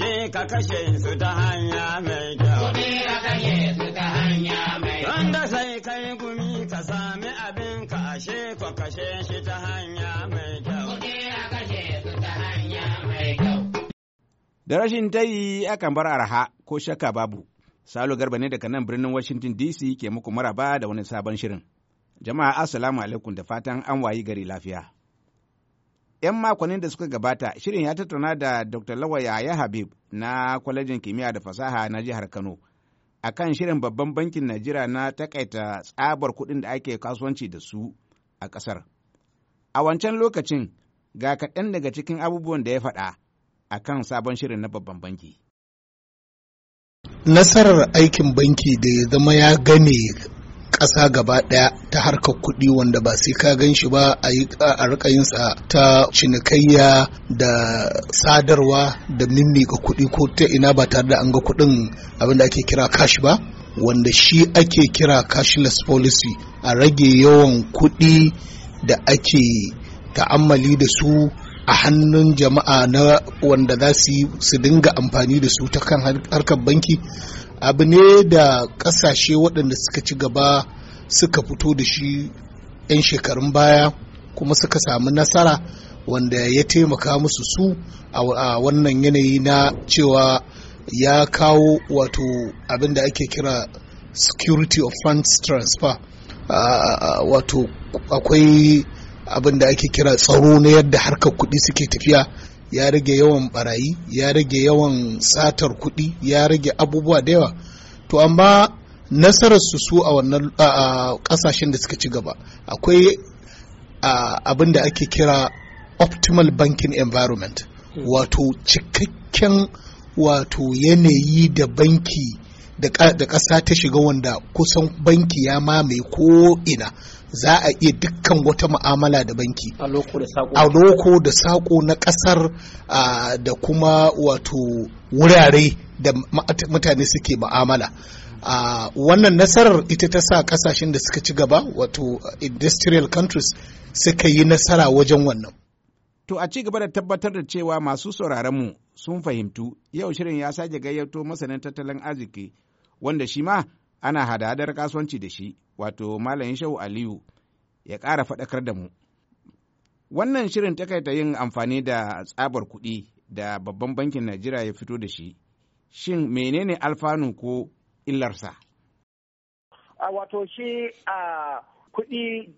je ka kashe su ta hanya mai kyau. Ku ka kashe su ta hanya mai kyau. Wanda sai kai gumi ka sami abin ka ashe ko kashe shi ta hanya mai kyau. Ku ka kashe su ta hanya mai kyau. Da rashin tayi akan bar araha ko shakka babu. Salo Garba ne daga nan birnin Washington DC ke muku maraba da wani sabon shirin. Jama'a Assalamu alaikum da fatan an wayi gari lafiya. 'yan makonnin da suka gabata shirin ya tattauna da dr lawa yaya habib na kwalejin kimiyya da fasaha na jihar kano akan shirin babban bankin najeriya na takaita tsabar kuɗin da ake kasuwanci da su a ƙasar a wancan lokacin ga kaɗan daga cikin abubuwan da ya faɗa a kan sabon shirin na babban banki nasarar aikin banki da ya zama ya gane. ƙasa gaba ɗaya ta harkar kuɗi wanda ba sai ka gan shi ba a yi a yinsa ta cinikayya da sadarwa da ga kuɗi ko ta ina ba tare da an ga kuɗin abin da ake kira cash ba wanda shi ake kira cashless policy a rage yawan kuɗi da ake ta'ammali da su a hannun jama'a na wanda za su dinga amfani da su ta kan harkar banki abu ne da ƙasashe waɗanda suka ci gaba suka fito da shi 'yan shekarun baya kuma suka samu nasara wanda ya taimaka musu su a wannan yanayi na cewa ya kawo wato abin da ake kira security of funds transfer wato akwai abin da ake kira tsaro na yadda harkar kuɗi suke tafiya ya rage yawan barayi ya rage yawan satar kuɗi ya rage abubuwa da yawa to amma nasararsu su a wannan ƙasashen da suka ci gaba akwai abin da ake kira optimal banking environment hmm. wato cikakken wato yanayi da banki da ƙasa ta shiga wanda kusan banki ya mamaye ko ina za a iya dukkan wata mu'amala da banki a loko da sako na ƙasar da kuma wato wurare da mutane suke mu'amala wannan nasarar ita ta sa ƙasashen da suka ci gaba wato industrial countries suka yi nasara wajen wannan To a ci gaba da tabbatar da cewa masu sauraronmu sun fahimtu, yau shirin ya sake gayyato masanin tattalin arziki wanda shi ma ana hadadar kasuwanci da shi wato malamin Shau aliyu ya ƙara faɗakar da mu wannan shirin takaita yin amfani da tsabar kuɗi da babban bankin najeriya ya fito da shi shin menene alfanu ko illarsa a wato shi a kuɗi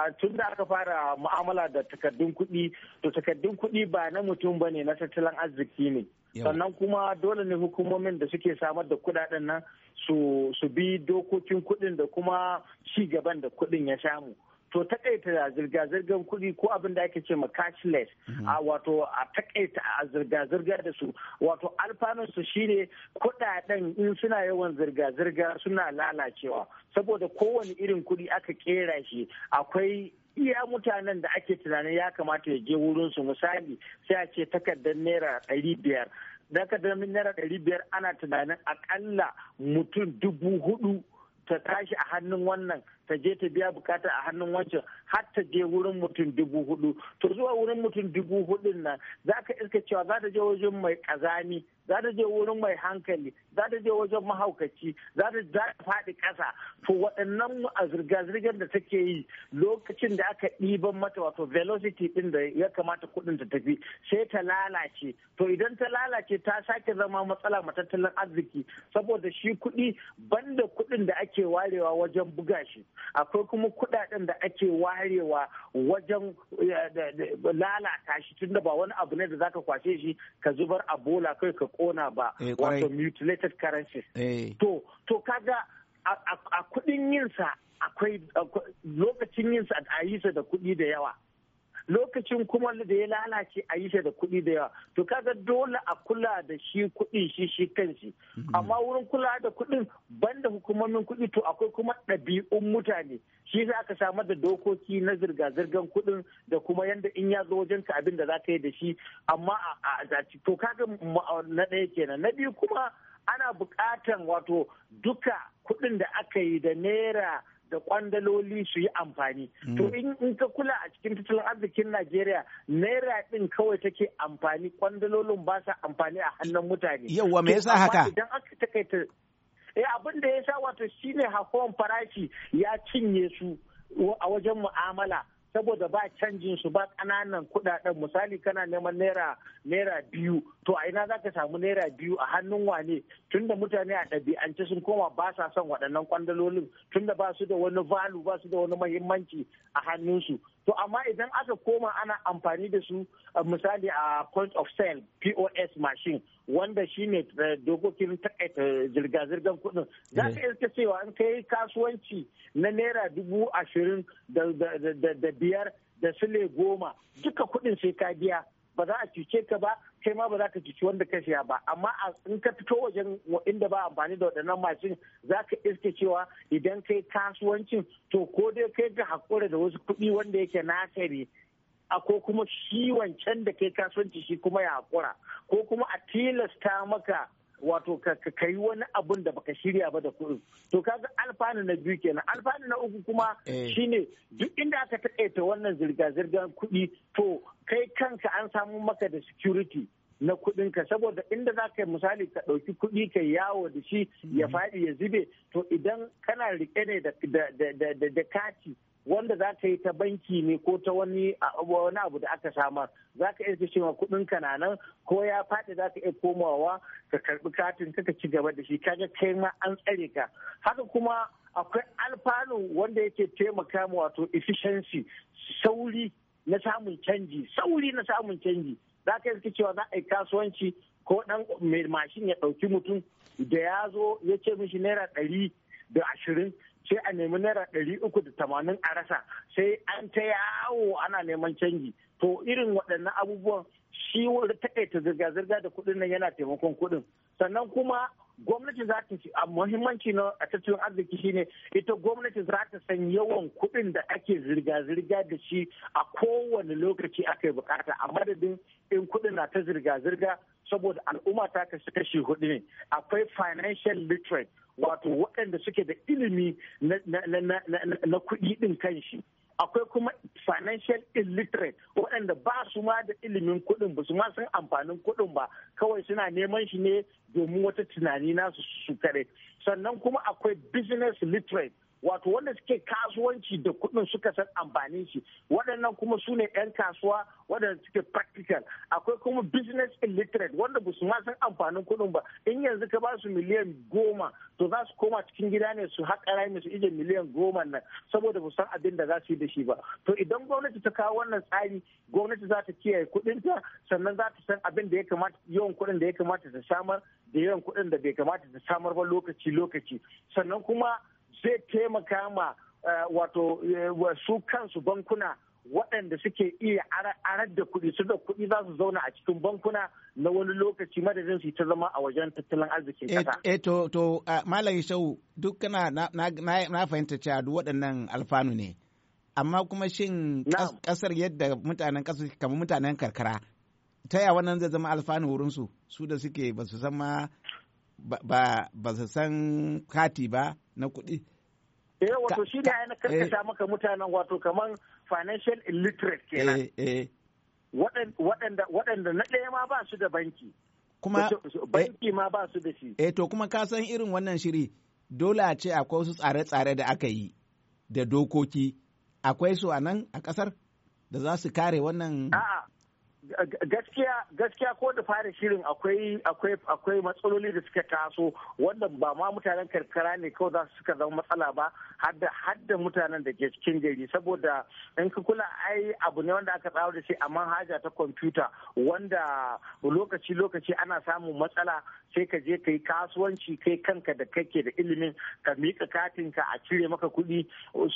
a tun da aka fara mu'amala da takardun kuɗi to takardun kuɗi ba na mutum ba ne na tattalin arziki ne sannan kuma dole ne hukumomin da suke samar da kudaden nan su bi dokokin kudin da kuma ci gaban da kudin ya samu to takaita zirga-zirgar kuɗi ko abin da ake ce ma cashless mhm. a wato a takaita a zirga-zirga da su wato alfanunsu shine kuɗaɗen in suna yawan zirga-zirga suna lalacewa saboda kowane irin kuɗi aka kera shi akwai iya mutanen da ake tunanin ya kamata ya je wurinsu misali sai a ce takardar naira ɗari biyar takardar naira ɗari biyar ana tunanin akalla mutum dubu hudu ta tashi a hannun wannan ta je ta biya bukata a hannun wancan har ta je wurin mutum dubu hudu to zuwa wurin mutum dubu hudun nan za ka iska cewa za ta je wajen mai kazani za ta je wurin mai hankali za ta je wajen mahaukaci za ta faɗi ƙasa to waɗannan zirga-zirgar da take yi lokacin da aka ɗiban mata wato velocity ɗin da ya kamata kuɗin ta tafi sai ta lalace to idan ta lalace ta sake zama matsala ma tattalin arziki saboda shi kuɗi banda kuɗin da ake warewa wajen buga shi akwai kuma kudaden da ake warewa wajen eh, lalata shi tunda ba wani abu ne da zaka kwashe shi ka zubar a bola kai ka kona ba eh, wato mutilated currencies eh. to to kaga a kudin yinsa akwai lokacin yinsa a yi sa da kudi da yawa lokacin kuma da ya lalace a yi shi da kuɗi da yawa to kaga dole a kula da shi kuɗin shi shi kanshi mm-hmm. amma wurin kula da kuɗin banda hukumomin kuɗi to akwai kuma ɗabi'un mutane shi za aka samar da dokoki na zirga-zirgan kuɗin da kuma yanda in ya zo wajen ka abin da za ka yi da shi amma a zaci to kaga na ɗaya kenan na biyu kuma ana buƙatan wato duka kuɗin da aka yi da naira da kwandaloli su yi amfani. Mm. To in ka kula a cikin tattalin arzikin Najeriya naira ɗin kawai take amfani kwandalolin ba sa amfani a hannun mutane. Yawwa me yasa haka? Idan aka takaita eh abin da ya sa wato shine hakuwan farashi ya cinye su a wajen mu'amala. saboda ba canjin su ba ƙananan kuɗaɗen misali kana neman naira naira biyu to a ina zaka samu naira biyu a hannun wane tunda mutane a ɗabi'ance sun koma ba sa son waɗannan kwandalolin tunda ba su da wani valu ba su da wani mahimmanci a hannunsu to amma idan aka koma ana amfani da su eh, misali a point of sale pos machine wanda shine eh, dokokin takaita eh, zirga-zirgar kudin za ka iska cewa an kai kasuwanci na naira dubu ashirin da biyar da sule goma duka kudin sai ka biya ba za a cuce ka ba kai ma ba za ka cuci wanda ka siya ba amma in ka fito wajen inda ba amfani da waɗannan mashin za ka iske cewa idan kai kasuwancin to ko dai kai ga hakura da wasu kuɗi wanda yake naka a ko kuma shi wancan da kai kasuwanci shi kuma ya hakura ko kuma a tilasta maka wato ka yi wani abun da baka shirya ba da kuɗi to kaga alfanu na biyu kenan alfanu na uku kuma eh. shine duk inda aka taƙaita wannan zirga-zirgar kuɗi to kai kanka an samu maka da security na kuɗinka saboda inda za ka yi misali ka ɗauki kuɗi ka yawo da shi ya mm. faɗi ya zube to idan kana riƙe ne da kati wanda za ta yi ta banki ne ko ta wani abu da aka samar za ka iya cewa kudin ka na nan ko ya faɗi za ka iya komawa ka karɓi katin ka ci gaba da shi kaga kai ma an tsare ka haka kuma akwai alfanu wanda yake taimaka ma wato efficiency sauri na samun canji sauri na samun canji za ka yi cewa za a yi kasuwanci ko dan mai mashin ya ɗauki mutum da ya zo ya ce mishi naira ɗari da ashirin sai a nemi naira ɗari uku da tamanin a rasa sai an ta yawo ana neman canji to irin waɗannan abubuwan shi wani taƙaita zirga-zirga da kuɗin nan yana taimakon kuɗin sannan kuma gwamnati za ta ci. a muhimmanci na a tattalin arziki shine ita gwamnati za ta san yawan kuɗin da ake zirga-zirga da shi a kowane lokaci aka yi bukata a madadin in kuɗin na ta zirga-zirga saboda al'umma ta kashe kashi hudu ne akwai financial literate wato waɗanda suke da ilimi na kuɗi ɗin kanshi akwai kuma financial illiterate waɗanda ba su ma da ilimin kuɗin ba su ma san amfanin kuɗin ba kawai suna neman shi ne domin wata tunani nasu su kare sannan kuma akwai business literate wato wanda suke kasuwanci da kuɗin suka san amfanin shi waɗannan kuma su ne 'yan kasuwa waɗanda suke practical akwai kuma business illiterate wanda ba su ma san amfanin kuɗin ba in yanzu ka ba su miliyan goma to za su koma cikin gida ne su haƙa rami su ije miliyan goma nan saboda ba san abin da za su yi da shi ba to idan gwamnati ta kawo wannan tsari gwamnati za ta kiyaye kuɗinta sannan za ta san abin da ya kamata yawan kuɗin da ya kamata ta samar da yawan kuɗin da bai kamata ta samar ba lokaci lokaci sannan kuma zai taimaka ma eh, wato eh, su kansu bankuna waɗanda suke iya arar da kuɗi su da kuɗi za su zauna a cikin bankuna na wani lokaci madadin su ta zama a wajen tattalin arzikin eh, ƙasa. Eh to to Malam Shau duk kana na fahimta cewa duk waɗannan alfanu ne. amma kuma shin kasar yadda mutanen kasar kamar mutanen karkara ta ya wannan zai zama alfanu wurin su su da suke ba su san ma ba su san kati ba na kuɗi eh wato shi ne na karkata eh. maka mutanen wato kamar financial illiterate kenan eh, eh. waɗanda na ɗaya ma ba su da banki kuma banki ma ba su da shi eh to kuma ka san irin wannan shiri dole a ce akwai wasu tsare-tsare da aka yi da dokoki akwai su a nan a ƙasar da za su kare wannan gaskiya gaskiya ko da fara shirin akwai akwai akwai matsaloli da suka taso wanda ba ma mutanen karkara ne kawai za su suka zama matsala ba hadda hadda mutanen da ke cikin gari saboda in ka kula ai abu ne wanda aka tsawo da shi a manhaja ta kwamfuta wanda lokaci lokaci ana samun matsala sai ka je ka yi kasuwanci kai kanka da kake da ilimin ka mika katin ka a cire maka kuɗi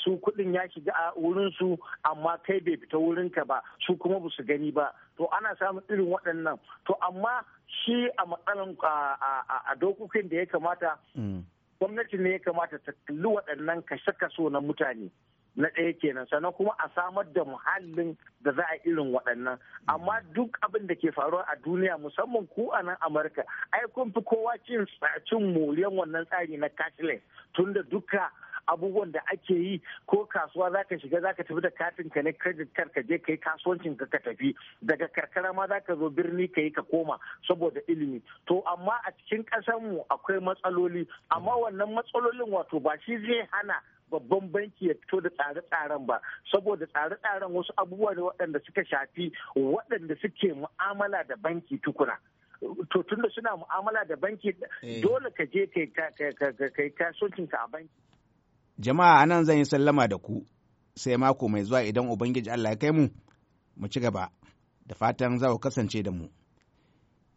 su kuɗin ya shiga a wurin su amma kai bai fita wurinka ba su kuma ba su gani ba to ana samun irin waɗannan to amma shi a matsalan a dokokin da ya kamata mm. gwamnati ne ya kamata ta kalli waɗannan kashe-kaso na mutane na ɗaya kenan sannan kuma a samar da muhallin da za a irin waɗannan amma duk abin da ke faruwa a duniya musamman ku a nan amurka ai kun fi kowa cin moriyan wannan tsari na cashless tunda duka abubuwan da ake yi ko kasuwa za ka shiga za ka tafi da katin ka ne credit card ka je kai kasuwancin ka ka tafi daga karkara ma za ka zo birni ka yi ka koma saboda ilimi to amma a cikin mu akwai matsaloli amma wannan matsalolin wato ba shi zai hana babban banki ya fito da tsare-tsaren ba saboda tsare-tsaren wasu abubuwa ne waɗanda suka shafi waɗanda suke mu'amala da banki tukuna to tunda suna mu'amala da banki eh. dole ka je ka yi kasuwancinka a banki Jama'a anan zan yi sallama da ku sai mako mai zuwa idan Ubangiji Allah ya kai mu mu ci gaba da fatan za ku kasance da mu.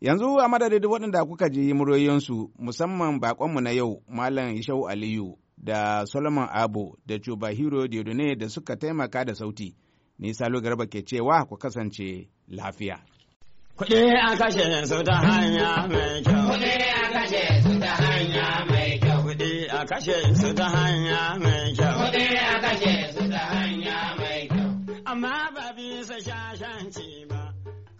Yanzu a madadin waɗanda kuka ji muryoyinsu musamman bakonmu na yau Malam Ishau Aliyu da Solomon Abu da Chubahiro Diodone da suka taimaka da sauti. Ni Salo Garba ke cewa ku kasance lafiya. Kuɗi a kashe su ta hanya mai kyau. Kuɗi a kashe su ta hanya mai a kashe su ta hanya mai kyau. Kuɗi a kashe su ta hanya mai kyau. Amma